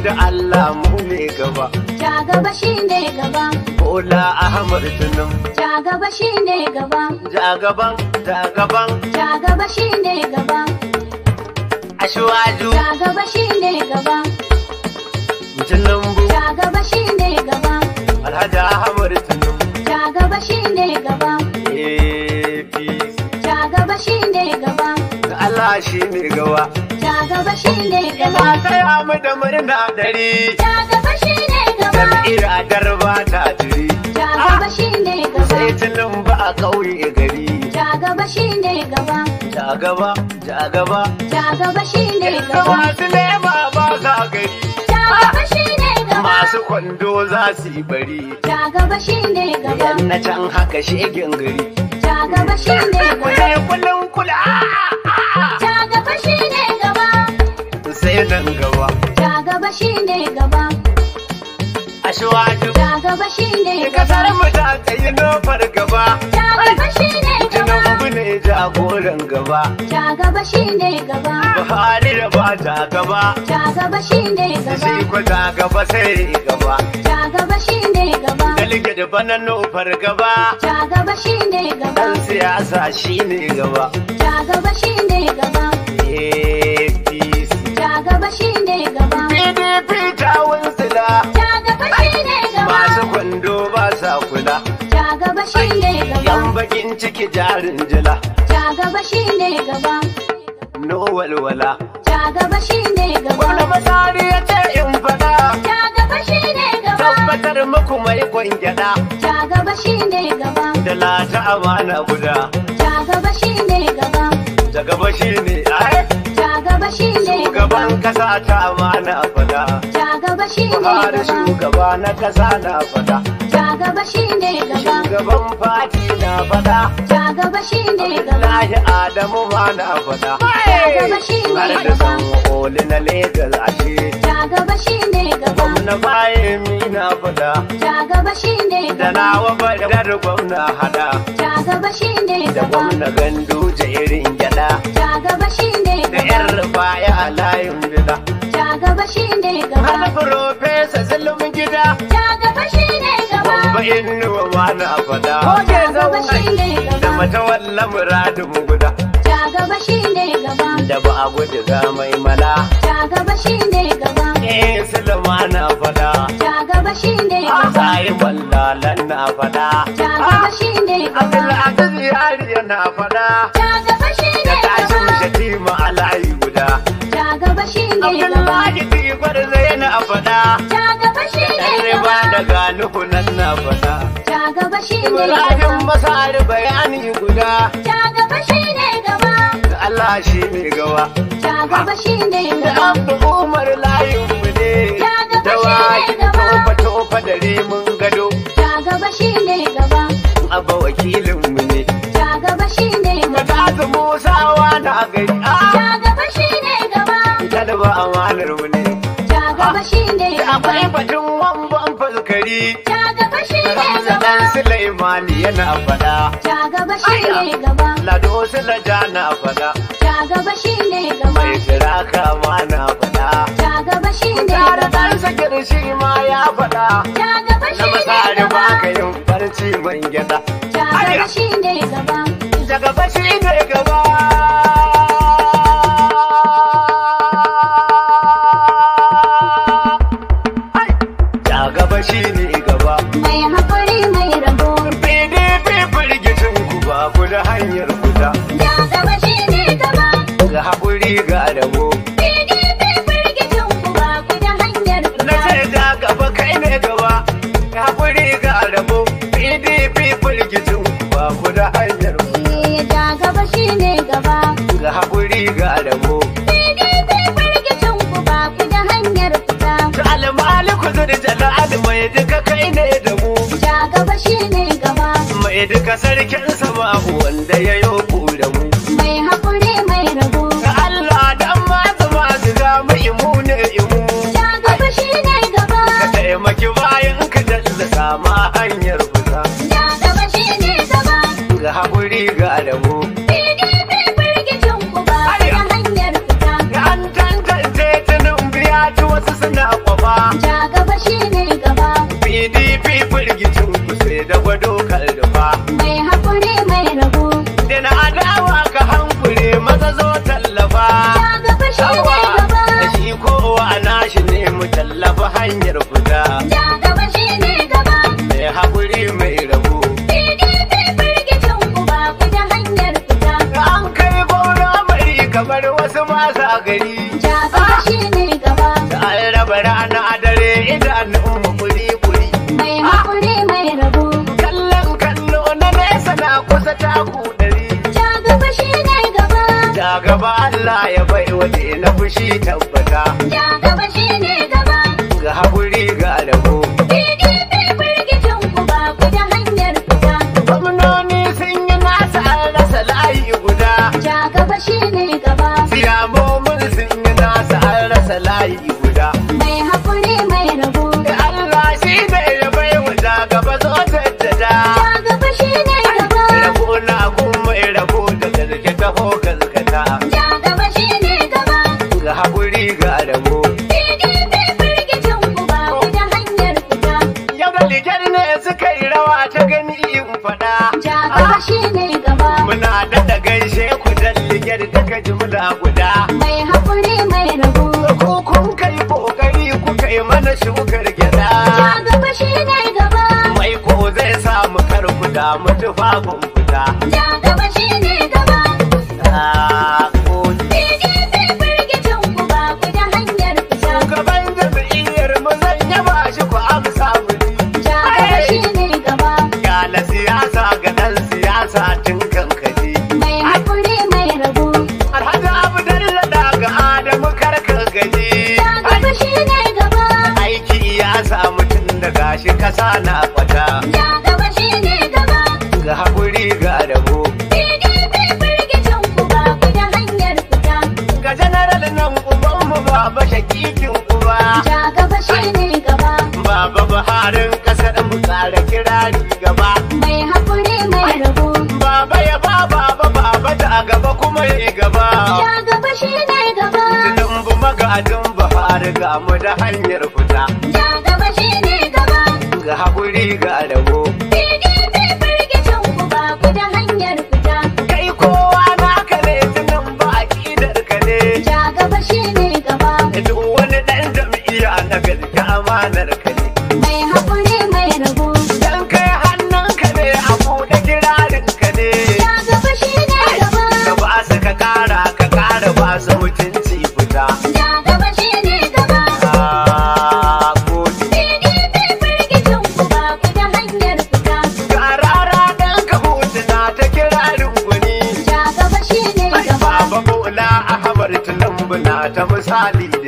da Allah mu ne gaba. Ja gaba shi ne gaba. Bola Ahmad Tunum. Ja gaba shi ne gaba. Ja gaban, ja gaban. Ja gaba shi ne gaba. Ashwaju. Ja gaba shi ne gaba. Tunumbu. Ja gaba shi ne gaba. Alhaji Ahmad Tunum. Ja gaba shi ne gaba. APC. Ja gaba shi ne gaba. Allah shi ne gaba. gaba shi ne gaba. Kai amu da murna dare. Ja gaba shi ne gaba. Jam'ira garba ta jiri. Ja gaba shi ne gaba. Sai tilin ba a ƙauye gari. Ja gaba shi ne gaba. Ja gaba, ja gaba. gaba shi ne gaba. Masu lema ba za gari. Ja gaba shi ne gaba. Masu kwando za su yi bari. Ja gaba shi ne gaba. Yan na can haka shegen gari. gaba shi ne gaba. Kullum kullum kula. gaba shi ne ne nan gaba. Ja gaba shi ne gaba. A shiwaju. Ja gaba shi ne gaba. Kasar mu ta tsayi nofar gaba. Ja gaba shi ne gaba. Tinubu ne jagoran gaba. Ja gaba shi ne gaba. Buhari da ba ja gaba. Ja gaba shi ne gaba. Shi ko ja gaba sai gaba. Ja gaba shi ne gaba. Dalike da bana nofar gaba. Ja gaba shi ne gaba. Dan siyasa shi ne gaba. Ja gaba shi ne gaba. Eh. bakin ciki jarin jila. Ja gaba shi ne gaba. No walwala. Ja gaba shi ne gaba. Wani misali ya ce in fada. Ja gaba shi ne gaba. Tabbatar muku mai kwangyada. Ja gaba shi ne gaba. Da lata amana guda. Ja gaba shi ne gaba. Ja gaba shi ne ai. Ja gaba shi ne gaba. Shugaban kasa ta amana fada. Buhari shugaba na kasa na fada. Jagaba shi ne gaba. Shugaban fati na fada. Jagaba shi ne gaba. Abdullahi Adamu ma na fada. Jagaba shi ne gaba. Har da samu koli na legal a ce. Jagaba shi ne gaba. Gwamna baye mi na fada. Jagaba shi ne gaba. Da nawa badar gwamna hada. Jagaba shi ne gaba. Da gwamna gandu irin gyada. Jagaba shi ne gaba. Da yar baya a layin bida. gaba shi ne gaba. Wani Profesa Zulum gida. Ja gaba shi ne gaba. Babba na wani abada. Oke zama shi ne gaba. Da mata walla muradin guda. Ja gaba shi ne gaba. Da ba a guji zamai mala. Ja gaba shi ne gaba. Eh Zuluma na fada. Ja gaba shi ne gaba. Sai wallalan na fada. Ja gaba shi ne gaba. Abdul Aziz Yari yana fada. bara gani kunan na fada. Ja gaba shi ne gaba. Ibrahim Masari bayani guda. Ja gaba shi ne gaba. Da Allah shi ne gaba. Ja gaba shi ne gaba. Da Abdu Umar layin mu ne. Ja gaba shi ne gaba. Tofa tofa da rimin gado. Ja gaba shi ne gaba. Aba wakilin mu ne. Ja gaba shi ne gaba. Da Tazu Musa wa na gari. Ah! Ja gaba shi ne gaba. Ita da ba amanar mu ne. Ja gaba ah! shi ne gaba. Akwai batun wamba. kuɗi. Jagaba shi ne gaba. Suleimani yana fada. Jagaba shi ne gaba. Lado Sulaja na fada. Jagaba shi ne gaba. Mai kira kama na fada. Jagaba shi ne gaba. Tare dan sakir shi ma ya fada. Jagaba shi ne gaba. Na ba ka yin barci ban gyaɗa. Jagaba shi ne gaba. Jagaba shi ne gaba. ne gaba. Mai haƙuri mai rabo. PDP firgicin ku ba ku da hanyar kuta. Ya gaba shi ne gaba. Ga haƙuri ga rabo. PDP ku ba ku da hanyar kuta. Na ce gaba kai ne gaba. haƙuri ga ku ba ku da hanyar kuta. Eh, gaba shi ne gaba. haƙuri ga ku ba ku da hanyar kuta. jala'a ɗaya ne da mu. Ja gaba shi ne gaba. Mai duka sarkin sama wanda ya yi da mu. Mai haƙuri mai rabo. Ga Allah dan ma zama ziga mai imu ne imu. Ja gaba shi ne gaba. Ka taimaki bayan ka dalla ma hanyar kusa. Ja gaba shi ne gaba. Ga haƙuri ga rabo. Wasu suna kwafa. kifi firgicin sai da gwado kaldufa. Mai hakuri mai rago. Da na adawa ka hankuri maza zo tallafa. Ta gaba ne gaba. Da shi kowa nashi ne mu tallafa hanyar fita. Ta gaba ne gaba. Mai hakuri mai Kamar wasu ba gari. Ja gaba shi ne gaba. Ta raba gaba Allah ya bai waje na fushi tabbata. mana shukar gyada. Shugaba shi ne gaba. Mai ko zai samu kar kuda mu tufa kun ana fata. Ya gaba shi ne gaba. Ga haƙuri ga rabo. PDP firgicin ku ba ku da hanyar fita. Ga janaral nan uban mu ba ba shakikin ku ba. Ya gaba shi ne gaba. Baba Buharin kasar mu tsara kirari gaba. Mai haƙuri mai rabo. Baba ya ba baba baba da gaba kuma ya gaba. Ya gaba shi ne gaba. Tunan bu magadin Buhari ga mu da hanyar fita. Ya ga hakuri ga adabo. ta misali da